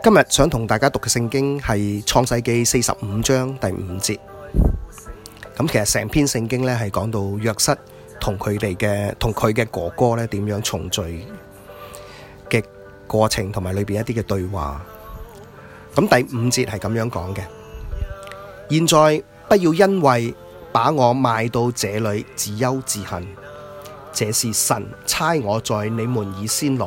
今日想同大家讀嘅聖經係創世記四十五章第五節。咁其實成篇聖經呢，係講到約瑟同佢哋嘅同佢嘅哥哥呢點樣重聚嘅過程，同埋裏邊一啲嘅對話。咁第五節係咁樣講嘅：現在不要因為把我賣到這裏自憂自恨，這是神差我在你們以先來，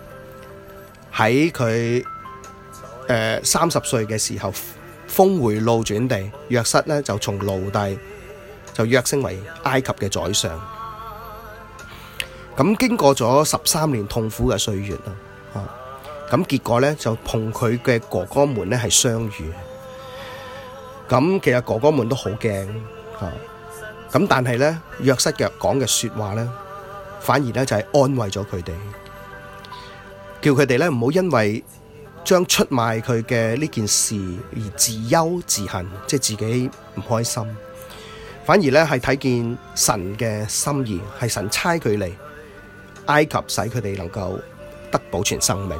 喺佢誒三十歲嘅時候，峰迴路轉地，約瑟咧就從奴隸就躍升為埃及嘅宰相。咁、嗯、經過咗十三年痛苦嘅歲月啦，嚇、嗯、咁、嗯、結果咧就同佢嘅哥哥們咧係相遇。咁、嗯、其實哥哥們都好驚嚇，咁、嗯嗯、但係咧約瑟嘅講嘅説話咧，反而咧就係、是、安慰咗佢哋。叫佢哋咧唔好因為將出賣佢嘅呢件事而自憂自恨，即係自己唔開心，反而咧係睇見神嘅心意，係神差佢嚟埃及，使佢哋能夠得保全生命。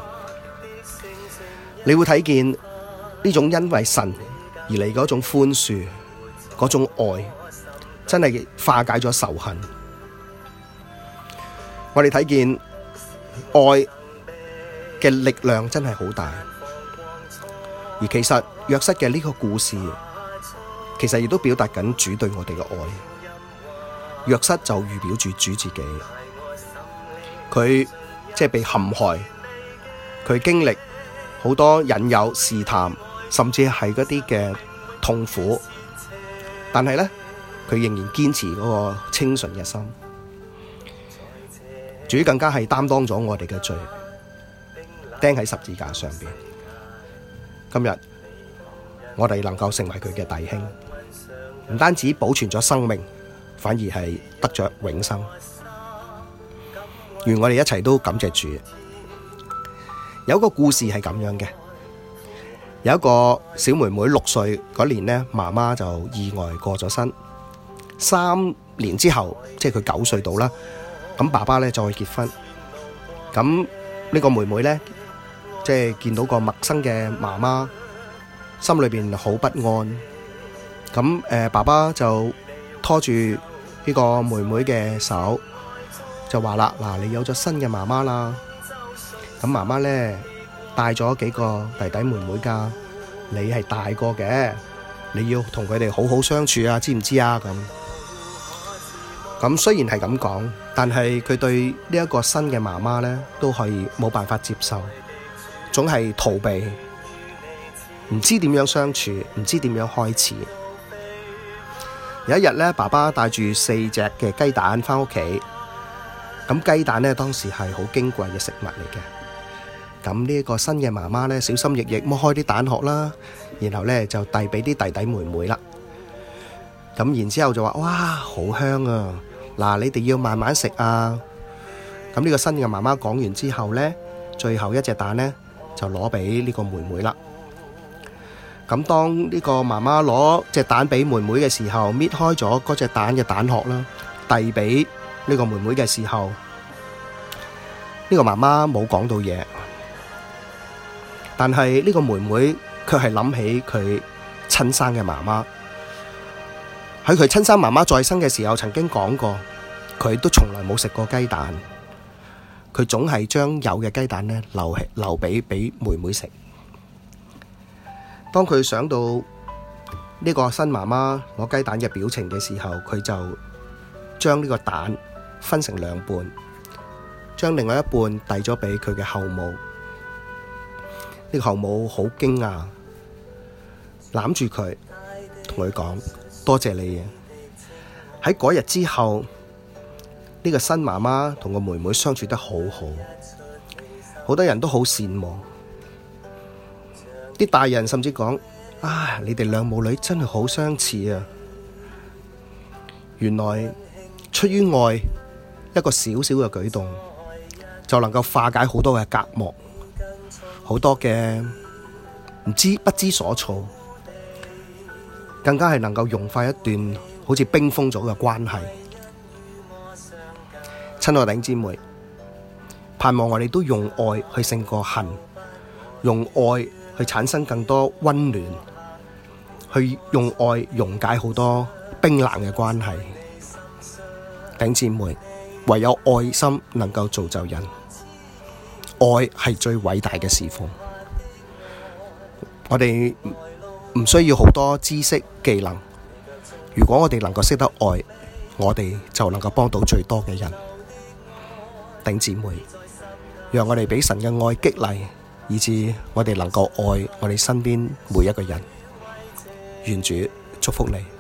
你會睇見呢種因為神而嚟嗰種寬恕，嗰種愛，真係化解咗仇恨。我哋睇見愛。嘅力量真係好大，而其實約瑟嘅呢個故事，其實亦都表達緊主對我哋嘅愛。約瑟就預表住主自己，佢即係被陷害，佢經歷好多引誘、試探，甚至係嗰啲嘅痛苦，但係咧，佢仍然堅持嗰個清純嘅心。主更加係擔當咗我哋嘅罪。釘喺十字架上邊。今日我哋能夠成為佢嘅弟兄，唔單止保存咗生命，反而係得咗永生。願我哋一齊都感謝主。有個故事係咁樣嘅，有一個小妹妹六歲嗰年咧，媽媽就意外過咗身。三年之後，即係佢九歲到啦。咁爸爸咧再結婚，咁呢個妹妹咧。即係見到個陌生嘅媽媽，心裏邊好不安。咁誒，爸爸就拖住呢個妹妹嘅手，就話啦：嗱，你有咗新嘅媽媽啦。咁媽媽咧帶咗幾個弟弟妹妹噶，你係大個嘅，你要同佢哋好好相處啊，知唔知啊？咁咁雖然係咁講，但係佢對呢一個新嘅媽媽咧，都係冇辦法接受。總係逃避，唔知點樣相處，唔知點樣開始。有一日咧，爸爸帶住四隻嘅雞蛋返屋企，咁雞蛋咧當時係好矜貴嘅食物嚟嘅。咁呢個新嘅媽媽咧，小心翼翼剝開啲蛋殼啦，然後咧就遞俾啲弟弟妹妹啦。咁然之後就話：哇，好香啊！嗱，你哋要慢慢食啊！咁呢個新嘅媽媽講完之後咧，最後一隻蛋咧。就攞俾呢個妹妹啦。咁當呢個媽媽攞隻蛋俾妹妹嘅時候，搣開咗嗰隻蛋嘅蛋殼啦，遞俾呢個妹妹嘅時候，呢個媽媽冇講到嘢，但係呢個妹妹卻係諗起佢親生嘅媽媽。喺佢親生媽媽在生嘅時候，曾經講過，佢都從來冇食過雞蛋。佢總係將有嘅雞蛋呢，留係留畀畀妹妹食。當佢想到呢個新媽媽攞雞蛋嘅表情嘅時候，佢就將呢個蛋分成兩半，將另外一半遞咗畀佢嘅後母。呢、呢個後母好驚訝，攬住佢同佢講：多謝你呀。喺嗰日之後。呢個新媽媽同個妹妹相處得好好，好多人都好羨慕。啲大人甚至講：唉，你哋兩母女真係好相似啊！原來出於愛，一個小小嘅舉動，就能夠化解好多嘅隔膜，好多嘅唔知不知所措，更加係能夠融化一段好似冰封咗嘅關係。親愛嘅頂姐妹盼望我哋都用愛去勝過恨，用愛去產生更多溫暖，去用愛溶解好多冰冷嘅關係。頂姐妹唯有愛心能夠造就人，愛係最偉大嘅事奉。我哋唔需要好多知識技能，如果我哋能夠識得愛，我哋就能夠幫到最多嘅人。請姊妹，讓我哋畀神嘅愛激勵，以致我哋能夠愛我哋身邊每一個人。願主祝福你。